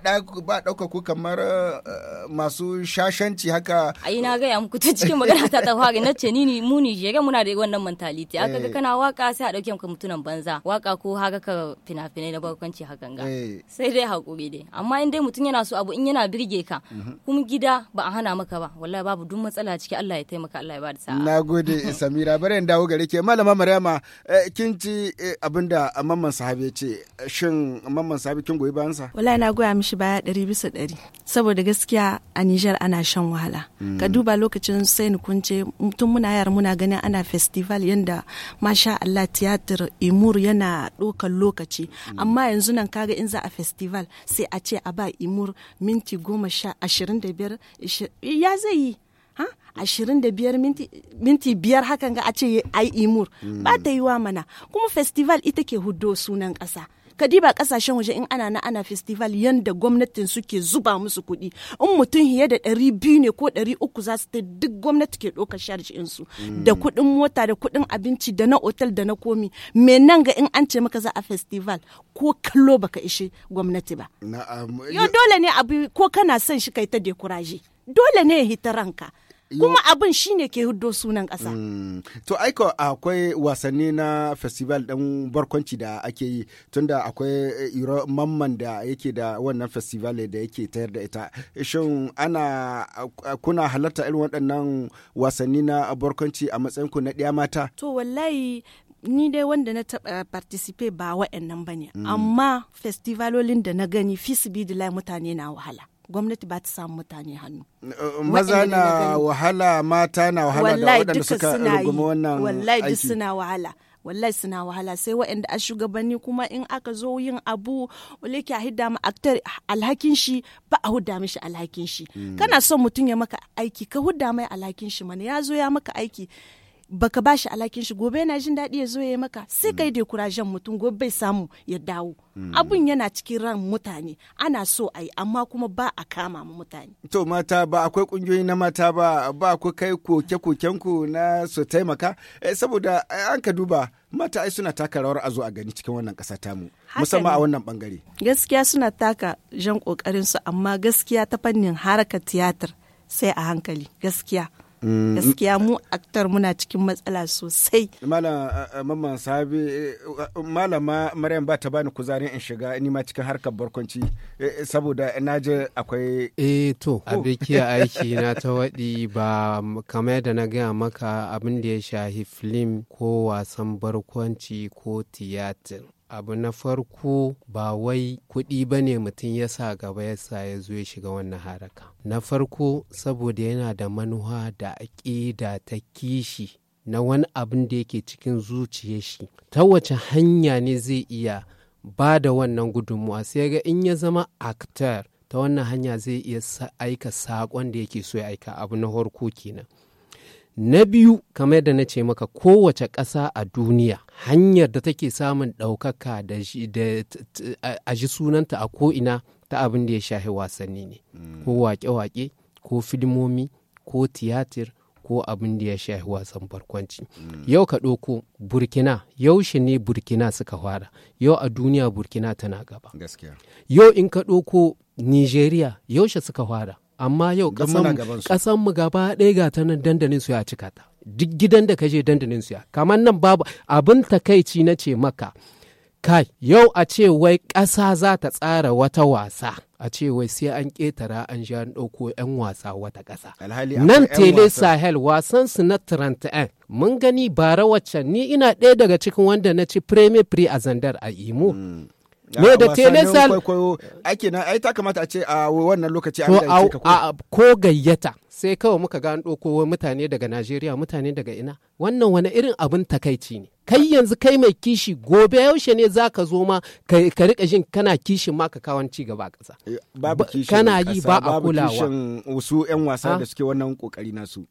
ɗauka ku kamar eh, masu shashanci haka ai na gaya muku ta cikin magana ta ta fara na ce ni ni mu Nigeria muna da wannan mentality aka ga eh. kana waka sai a ɗauke muka mutunan banza waka ko haka ka fina-finai na barkwanci hakan ga eh. sai dai haƙuri dai amma in dai mutum yana so abu in yana birge ka mhm. Kun gida ba a hana maka ba wallahi babu duk matsala ciki Allah ya taimaka Allah ya ba da sa'a Na gode *laughs* Samira bari in dawo gare ke malama Maryama kin ci abinda mamman sahabe ce shin mamman sahabe kin goyi bayan sa wallahi ana goya mishi baya ɗari bisa ɗari saboda gaskiya a Nijar ana shan wahala mm. ka duba lokacin sai ni kunce tun muna yar muna ganin ana festival yanda masha Allah tiyatar imur yana ɗaukar lokaci mm. amma yanzu nan kaga in za a festival sai a ce a ba imur minti goma sha ashirin da biyar ya zai yi ashirin da biyar minti biyar hakan ga a ce ai imur mm. ba ta yi wa mana kuma festival ita ke hudo sunan ƙasa kadiba kasashen waje in ana na ana festival yanda gwamnatin suke zuba musu kuɗi in mutum fiye da ɗari biyu ne ko ɗari uku za su ta duk gwamnati ke ɗauka sharji su mm. da kuɗin mota da kuɗin abinci da na otal da na komi me nan ga in an ce maka za a festival ko kallo baka ishe gwamnati ba yau dole ne abu ko kana son shi kai ta dekuraje dole ne ya hita ranka kuma abin shine ke huddo sunan kasa. Mm. To aiko akwai wasanni na festival ɗin barkwanci da ake yi tunda akwai eh, iro mamman da yake da wannan festival da yake tayar da ita. Shin ana kuna halarta irin waɗannan wasanni na barkwanci a matsayin ku na ɗaya mata? To wallahi ni dai wanda na taɓa participate ba wa'annan ba ne mm. amma festivalolin da na gani fi su mutane na wahala gwamnati ba ta samu mutane hannu eh, maza na wahala mata na wahala da waɗanda suka rugumi wannan aiki wallahi duk suna wahala wallahi suna wahala sai wa'anda a shugabanni kuma in aka zo yin abu wale a hidda ma aktar alhakin shi ba a hudda mishi alhakin shi hmm. kana son mutum ya maka aiki ka hudda mai alhakin shi mana ya zo ya maka aiki baka bashi alakin shi gobe yana jin daɗi ya zo ya maka sai kai da kurajen mutum gobe bai samu ya dawo hmm. abun yana cikin ran mutane ana so a yi amma kuma ba a kama mu mutane to mata ba akwai kungiyoyi na mata ba ba akwai kai koke koken ku na su taimaka eh, saboda eh, an ka duba mata ai suna taka rawar a zo a gani cikin wannan ƙasa tamu musamman a wannan bangare gaskiya suna taka jan kokarin su amma gaskiya ta fannin harkar tiyatar sai a hankali gaskiya Mm. gaskiya mu aktar muna cikin matsala sosai malama eh, eh, sabi eh, malama maryam ba ta bani kuzari in shiga ni ma cikin harkar barkwanci saboda na ji akwai eh to oh. a aiki na ta waɗi ba kamar da na gaya maka abin da ya shahi film ko wasan barkwanci ko tiyatir abu na farko ba wai kuɗi ba ne mutum ya sa gaba ya sa ya zo ya shiga wannan haraka na farko saboda yana da manuwa da aƙida ta kishi na wani abin da yake cikin zuciyar shi ta wace hanya ne zai iya ba da wannan gudunmuwa sai ga in ya zama aktar ta wannan hanya zai iya aika saƙon da yake so ya aika abu na farko kenan Na biyu, kamar yadda na ce maka kowace ƙasa a duniya hanyar da take samun ɗaukaka da a ji sunanta a ko'ina ta abin da ya shahi wasanni ne, mm. ko waƙe-waƙe, ko filmomi, ko tiyatir, ko abin da ya shahi wasan barkwanci. Mm. Yau ka ɗoko Burkina, yaushe ne Burkina suka fara, yau a duniya Burkina tana gaba. Yau in ka ɗoko Nigeria, yaushe suka fara. amma yau kasan mu gaba ɗaya ga ta nan dandalin su ya cika ta duk gidan da kaje dandalin su ya kamar nan babu abin takaici na ce maka kai yau a ce wai ƙasa za ta tsara wata wasa a ce wai sai an ƙetara an sha an ɗauko 'yan wasa wata ƙasa nan tele sahel wasan su na 31 mun gani bara waccan ni ina ɗaya daga cikin wanda na ci premier prix a zandar a imo mm. ne da telesal ake na ai ta kamata a ce a wannan lokaci an ko gayyata sai kawai muka ga an ɗauko mutane daga Najeriya mutane daga ina wannan wani irin abin takaici ne kai yanzu kai mai kishi gobe yaushe ne zaka ka zo ma ka rika jin kana kishin ma ka kawon ci gaba kasa eh, kana yi ba a kulawa wasu 'yan wasa ah. da suke wannan kokari nasu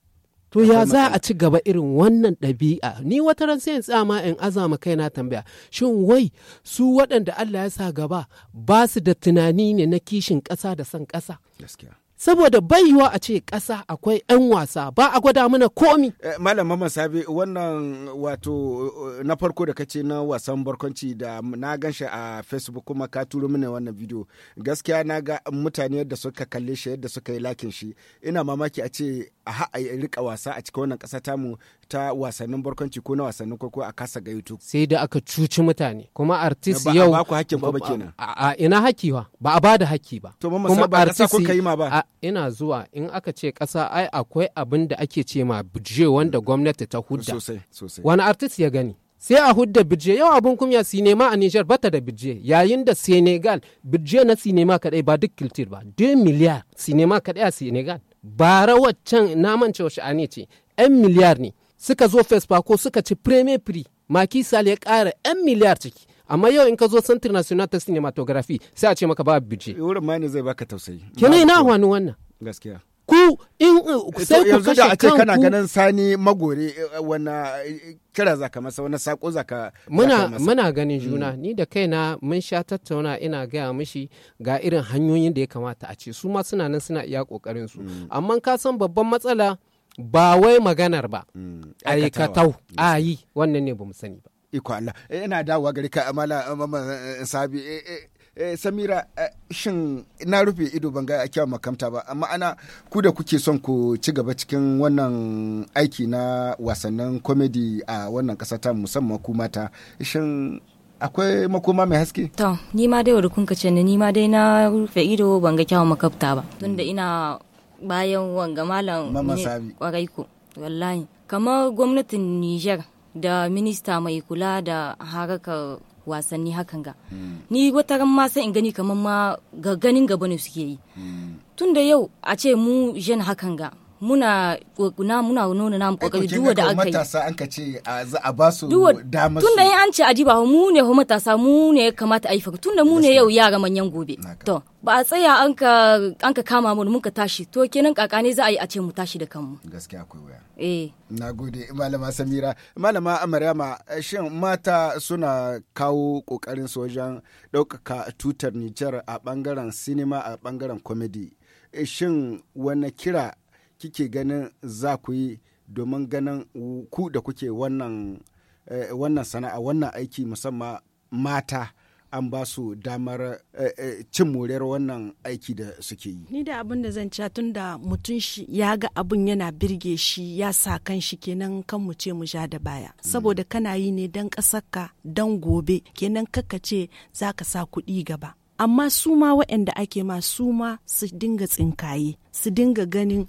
To ya za a ci gaba irin wannan ɗabi'a ni wata ran sai in tsama in azama kaina tambaya shin wai su waɗanda Allah ya sa gaba ba su da tunani ne na kishin ƙasa da san ƙasa. saboda baiwa a ce ƙasa akwai 'yan wasa ba a gwada mana komi. Eh, Mama Sabe wannan wato eh, na farko da kace na wasan barkwanci da na ganshi a Facebook kuma ka turo mini wannan bidiyo gaskiya na ga mutane yadda suka kalle shi yadda suka yi lakin shi ina mamaki a ce a a rika wasa a cikin wannan ƙasa mu ta wasannin barkwanci ko na wasannin kwaikwayo a kasa YouTube. Sai da aka cuci mutane kuma artist yau ba a ba ku hakkin ba kenan. A ina hakki ba ba a ba da hakki ba. To Sabe ba ƙasa ko kai ma ba. ina zuwa in aka ce ƙasa ai akwai abin da ake ce ma bije wanda gwamnati ta hudda wani artist ya gani sai a hudda bije yau abin kumya sinema a Nijar bata da bije yayin da Senegal bije na sinema kadai ba duk kiltir ba 2 miliyar sinema kadai a Senegal bara waccan naman cewa ane ce 'yan miliyar ne suka zo fesfa ko suka ci premier prix Maki Sall ya ƙara 'yan miliyar ciki amma yau in ka zo Centre National ta Cinematography sai a ce maka ba bije wurin ma ne zai baka tausayi kenan ina wani wannan gaskiya ku in sai ku kashe kanku yanzu kana ganin sani magore eh, eh, wana eh, kira zaka masa wani sako zaka muna muna ganin juna mm. ni da kaina mun sha tattauna ina gaya mishi ga irin hanyoyin da ya kamata a ce su ma suna nan suna iya kokarin su mm. amma ka san babban matsala ba wai maganar ba mm. aikatau a yi wannan ne ba mu sani ba iko Allah eh, ina dawowa gari ka amala eh, mama eh, sabi samira shin na rufe ido ban ga kyawun makamta ba amma ana ku da kuke son ku ci gaba cikin wannan aiki na wasannin komedi a wannan kasa ta musamman ku mata shin akwai makoma mai haske to ni ma dai wurin kunka ce ni ma dai na rufe ido ban ga kyawun makamta ba mm. tunda ina bayan wanga malam kwarai ko wallahi kamar gwamnatin niger da minista mai kula da harakar wasanni hakan ga hmm. ni wata ran ma sai in gani kamar ma ga ganin gaba ne suke yi hmm. tun da yau a ce mu jen hakan ga muna na muna nuna namu kokari duwa da aka yi matasa an ka ce za a ba su dama tunda in an ce aji ba mu ne ho matasa mu ne ya kamata a yi fa tunda mu ne yau yara manyan gobe to ba a tsaya an ka an ka kama mu mun ka tashi to kenan kaka ne za a yi a ce mu tashi da kanmu gaskiya akwai waya eh nagode malama samira malama amaryama shin mata suna kawo kokarin su wajen ɗaukaka tutar Nijar a bangaren sinima a bangaren comedy eh, shin wani kira kike ganin za ku yi domin ganin ku da kuke wannan eh, wannan sana'a wannan aiki musamman mata an ba su damar eh, eh, cin morar wannan aiki da suke yi. Ni da abin da zan ci tun da mutum shi ya ga abin yana birge shi ya sa kan shi kenan kan mu ce mu sha da baya. Mm. Saboda kana yi ne don ƙasarka dan gobe kenan kakka ce za ka sa kuɗi gaba. amma su ma waɗanda ake ma su ma su dinga tsinkaye su dinga ganin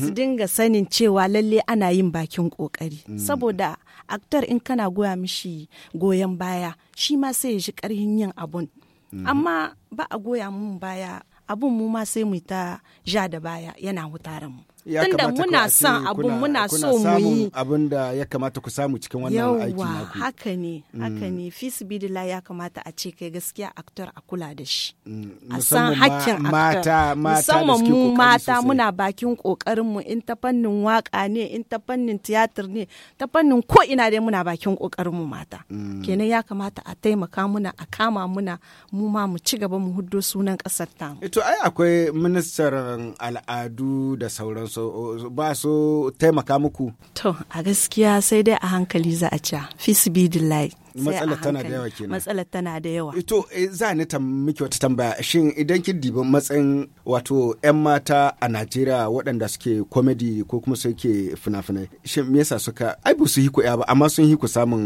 su dinga sanin cewa lalle ana yin bakin kokari mm. saboda aktar in kana goya mishi goyon baya shi ma sai ya shi karhin yin abun mm. amma ba a goya mun baya abun mu ma sai mu ta ja da baya yana hutarin mu tunda muna son abun muna so mu yi abun da ya kamata ku samu cikin wannan aiki naku haka ne haka mm. ne fisibidila ya kamata a ce kai gaskiya aktor a kula da shi a mm, san hakkin aktor musamman mu mata muna bakin kokarin mu in ta fannin waka ne in ta fannin tiyatir ne ta fannin ko ina dai muna bakin kokarin mu mata mm. kenan ya kamata a taimaka muna a kama muna mu ma mu ci gaba mu huddo sunan kasar ta ito eh, ai akwai ministan al'adu da sauransu ba su taimaka muku to a gaskiya sai dai a hankali za a ca fi sibidillahi matsalar tana da yawa kenan matsalar tana da yawa Ito, eh, eh, za ni ta miki wata tambaya shin idan kin dibi matsayin wato yan mata a Najeriya waɗanda suke komedi ko kuma suke fina-finai shin me yasa suka ai ba su hiku ya ba amma sun hiku samun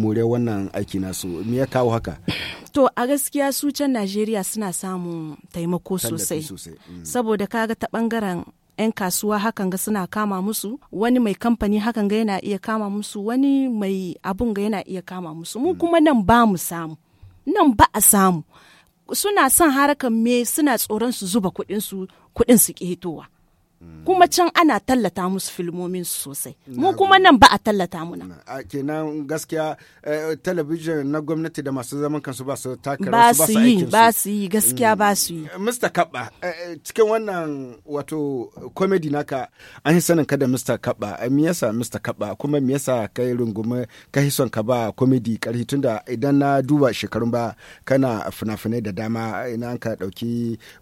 more wannan aiki nasu me ya kawo haka *coughs* to a gaskiya su can Najeriya suna samun taimako sosai mm. saboda kaga ta bangaren 'yan kasuwa hakan ga suna kama musu wani mai kamfani hakan ga yana iya kama musu wani mai abun ga yana iya kama musu mu hmm. kuma nan ba mu samu nan ba a samu suna son harakan me suna tsoron su zuba kudin su kuɗin su ketowa kuma can ana tallata musu filmomin sosai mu kuma nan ba a tallata muna a kenan gaskiya eh, talabijin na gwamnati da masu zaman kansu ba su takara ba su yi ba su yi gaskiya ba su yi mm. Mr Kabba eh, eh, cikin wannan wato comedy naka an yi sanin ka da Mr Kabba me yasa Mr Kabba kuma me yasa kai rungume ka son ka ba comedy karhi tunda idan na duba shekarun ba kana fina-finai da dama ina an ka dauki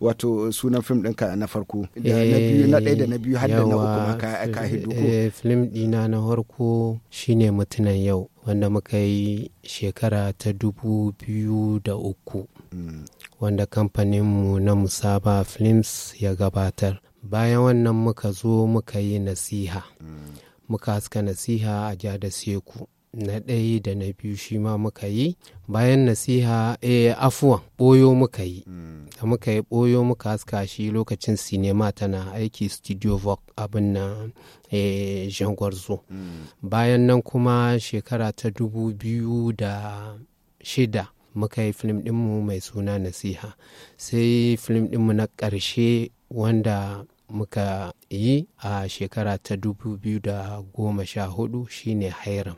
wato sunan fim ɗinka na farko da na biyu na ɗaya da na biyu har da na uku ma ka ka eh, film dina na farko shine mutunan yau wanda muka yi shekara ta dubu biyu da uku mm. wanda kamfaninmu na musaba films ya gabatar bayan wannan muka zo muka yi nasiha mm. muka haska nasiha a jada seku na ɗaya da na biyu shi ma muka yi bayan nasiha eh afuwan ɓoyo muka yi mm. da muka yi ɓoyo muka haska shi lokacin sinema tana aiki studio vok abin na eh, jean gwarzo mm. bayan nan kuma shekara ta dubu biyu da shida muka yi film ɗinmu mai suna nasiha sai film ɗinmu na ƙarshe wanda muka yi a shekara ta dubu biyu da goma sha 2014 shine hairam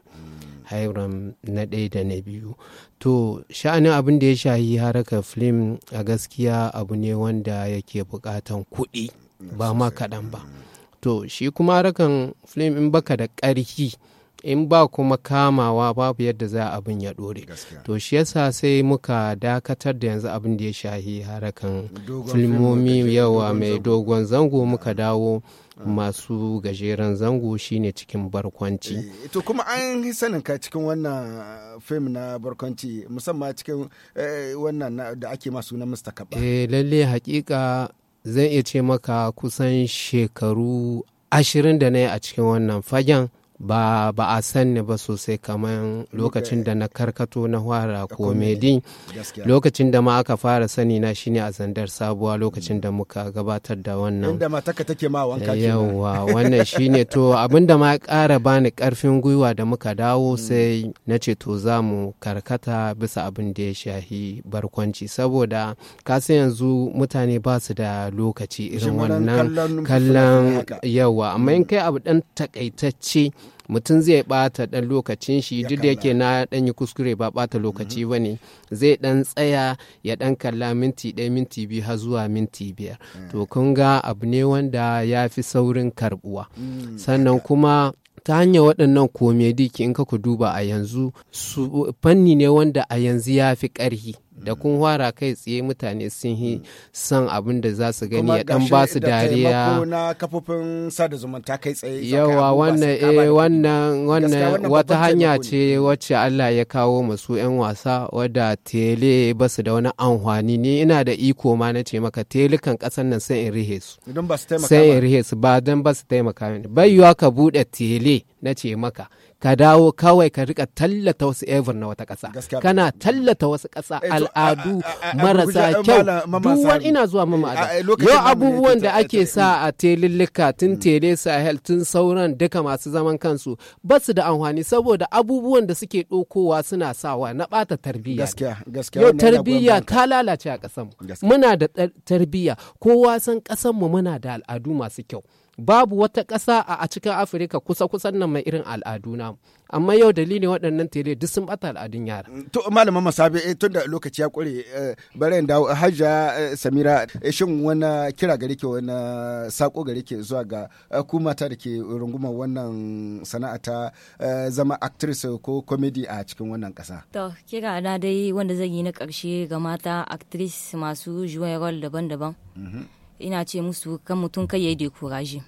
hairam na ɗaya da na biyu to sha'anin abin da ya shahi haraka film a gaskiya abu ne wanda yake bukatan kuɗi ba ma kaɗan ba to shi kuma harakan film in baka da ƙarfi in ba kuma kamawa babu yadda za abin ya dore to shi yasa sai muka dakatar da yanzu abin da ya shahi harakan filmomi yawa mai dogon zango muka ah. dawo ah. masu gajeren zango shine cikin barkwanci. Eh, to kuma an sanin ka cikin wannan fim na barkwanci musamman cikin eh, wannan da ake masu na Mr. Kaba. Eh lalle hakika zan iya ce maka kusan shekaru ashirin da na yi a cikin wannan fagen ba ba a sanni ba sosai kamar lokacin da na karkato na fara komedi lokacin da ma aka fara sani na shine a zandar sabuwa lokacin da muka gabatar da wannan inda take ma wanka eh, yawa wannan shine to abinda ma ƙara bani karfin gwiwa da muka dawo hmm. sai na ce to za mu karkata bisa abin da ya shahi barkwanci saboda kasu yanzu mutane ba su da lokaci irin wannan kallon yawa amma in hmm. kai abu dan takaitacce mutum zai bata dan lokacin shi duk da yake na dan yi kuskure ba bata lokaci mhm. ba ne zai dan tsaya ya dan kalla minti ɗaya minti biyu har zuwa minti biyar mm. to kun ga abu ne wanda ya fi saurin karbuwa mm, sannan kuma ta hanyar waɗannan komedi in ka ku duba a yanzu fanni ne wanda a yanzu ya fi ƙarhi da kun fara kai tsaye mutane sun yi mm. son abin da za su gani ya dan ba su dariya na kafofin sada zumunta kai tsaye yawa wannan eh wannan wannan wata hanya ce wacce Allah ya kawo masu yan wasa wadda tele ba su da wani amfani ni ina da iko ma na ce maka tele kan kasan nan sai in rihe su sai in rihe su ba dan ba su taimaka mini bai ka bude tele na ce maka ka dawo kawai ka rika tallata wasu evir na wata ƙasa kana tallata wasu ƙasa al'adu marasa kyau duk wani ina zuwa eh, eh, mama yau abubuwan da ake sa a telillika tun mm. tele sahel tun sauran duka masu zaman kansu ba su da amfani saboda abubuwan da suke ɗokowa suna sawa na bata tarbiyya yau tarbiyya ta lalace a ƙasanmu muna da tarbiyya kowa san ƙasanmu muna da al'adu masu kyau babu wata ƙasa a cikin afirka kusa-kusan nan mai irin al'adu na amma yau dalilin waɗannan tele duk sun bata al'adun yara. Mm, to malaman masabi eh, tun da lokaci ya ƙure eh, bari hajja eh, samira shan eh, shin wani kira gare ke wani sako gare ke zuwa ga ku mata da ke rungumar wannan sana'a ta zama actress ko comedy a cikin wannan ƙasa. to kira na dai wanda zan yi na ƙarshe ga mata actress masu juwan rol daban-daban. Mm-hmm. ina ce musu kan mutum kai ya yi kuraje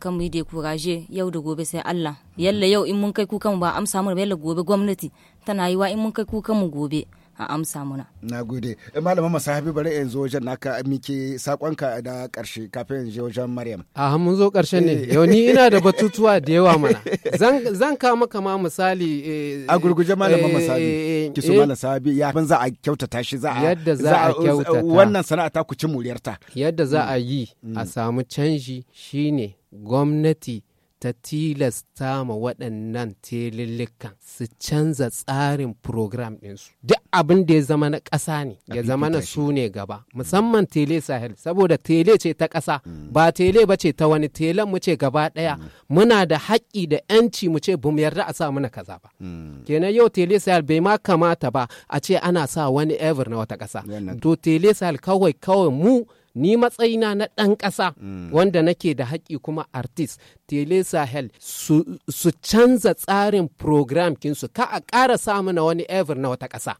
kan mu yi kuraje yau da gobe sai Allah yalla yau in mun kai kukan ba amsa mu ba yalla gobe gwamnati tana yi wa in mun kai kukan mu gobe a amsa muna. Na gode. Eh, malama haifi bari in zo wajen naka miki sakonka da ƙarshe kafin je wajen Maryam. A ah, mun zo karshe ne. Eh. Yau ni ina da *laughs* batutuwa da yawa mana. Zan ka maka ma misali. Eh, a gurguje malama Masahabi. Ki su malam Sahabi ya za a kyautata shi za a. Yadda za a kyautata. Wannan sana'a ta ku ci muryarta. Yadda za a mm. yi a mm. samu canji shine gwamnati ta tilasta ma waɗannan telillikan su canza tsarin program ɗinsu duk abin da ya zama na ƙasa ne ya zama na su ne gaba musamman tele sahel saboda tele ce ta ƙasa mm. ba tele ba ce ta wani telen mu ce gaba ɗaya mm. muna da haƙƙi da yanci mu ce bu yarda a sa mana kaza ba mm. kenan yau tele sahel bai ma kamata ba a ce ana sa wani ever na wata ƙasa to tele sahel kawai kawai mu ni matsayina na ɗan ƙasa mm. wanda nake da haƙƙi kuma artist tele sahel su, canza tsarin program kinsu ka a ƙara samu na wani ever na wata ƙasa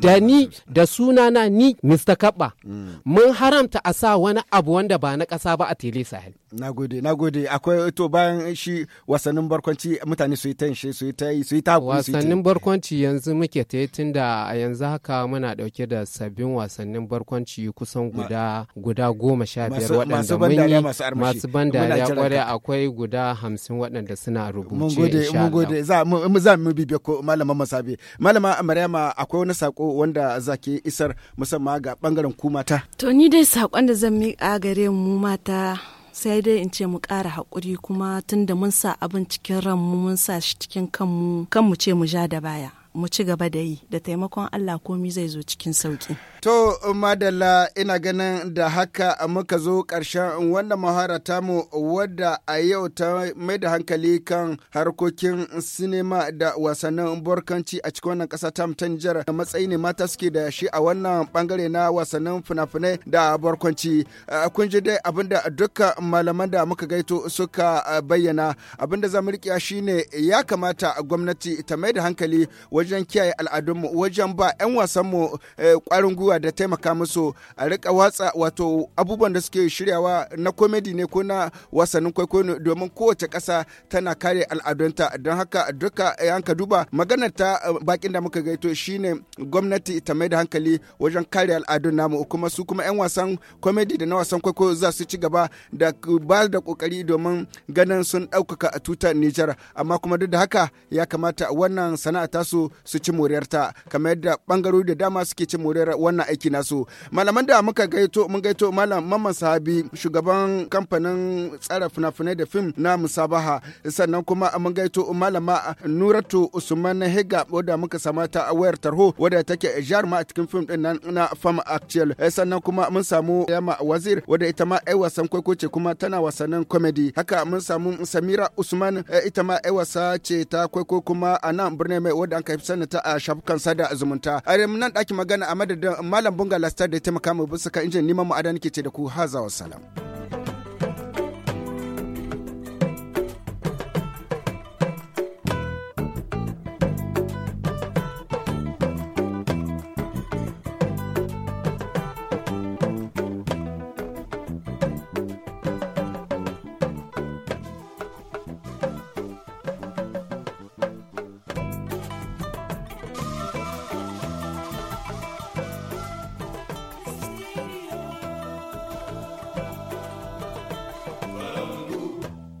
da ni da sunana ni mr kaɓa mm. mun haramta a sa wani abu wanda ba na ƙasa ba a tele sahel na gode na gode akwai to bayan shi wasannin barkwanci mutane su yi ta shi su yi ta su yi ta wasannin barkwanci yanzu muke ta yi tunda a yanzu haka muna dauke da sabbin wasannin barkwanci kusan guda guda goma sha biyar waɗanda mun yi masu ban dariya kwarai akwai guda hamsin waɗanda suna rubuce mun gode mun gode za mu za mu bibiya ko malama masabe malama maryama akwai wani sako wanda zaki isar musamman ga bangaren ku mata to ni dai sakon da zan miƙa gare mu mata sai dai in ce mu ƙara haƙuri kuma tun da mun sa abin cikin ranmu mun sa shi cikin kanmu kanmu ce mu ja da baya mu ci gaba da yi da taimakon Allah komi zai zo cikin sauƙi. To, madalla ina ganin da haka muka zo ƙarshen wannan mahara tamu wadda a yau ta mai da hankali kan harkokin sinima da wasannin borkanci a cikin wannan ƙasa tamu ta Nijar da matsayi ne mata suke da shi a wannan bangare na wasannin fina-finai da borkanci. Kun ji dai abinda duka malaman da muka gaito suka bayyana abinda zamu riƙe shi ya kamata gwamnati ta mai da hankali wajen kiyaye al'adunmu wajen ba 'yan wasanmu eh, ƙwarin gwiwa da taimaka musu a rika watsa wato abubuwan da suke shiryawa na komedi ne ko na wasannin kwaikwayo domin kowace kasa tana kare al'adunta don haka duka eh, ka duba maganar ta eh, bakin da muka gaito shine gwamnati ta mai da hankali wajen kare al'adun namu kuma su kuma 'yan wasan komedi da na wasan kwaikwayo za su ci gaba da ba da kokari domin ganin sun ɗaukaka a tutar Nijar amma kuma duk da haka ya kamata wannan sana'a tasu su ci moriyarta kamar yadda bangarori da dama suke ci moriyar wannan wannan aiki nasu malaman da muka gaito mun gaito malam mamman sahabi shugaban kamfanin tsara fina-finai da fim na musabaha sannan kuma mun gaito malama nuratu usman hega wadda muka sama ta wayar tarho wadda take ma a cikin fim din nan na fam actual sannan kuma mun samu yama wazir wadda ita ma ai wasan kwaiko ce kuma tana wasannin comedy haka mun samu samira usman eh, ita ma ai wasa ce ta kwaiko kuma a nan birnin mai wadda an kai sanin ta a shafukan sada zumunta a nan daki magana a madadin Malam Bunga Lastar da ya taimaka mu bisa ka injin neman adana ke ce da ku haza wa salam.